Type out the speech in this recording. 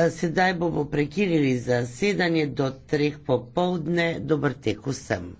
Eh, sedaj bomo prekinili zasedanje do treh popovdne. Dobr tek vsem.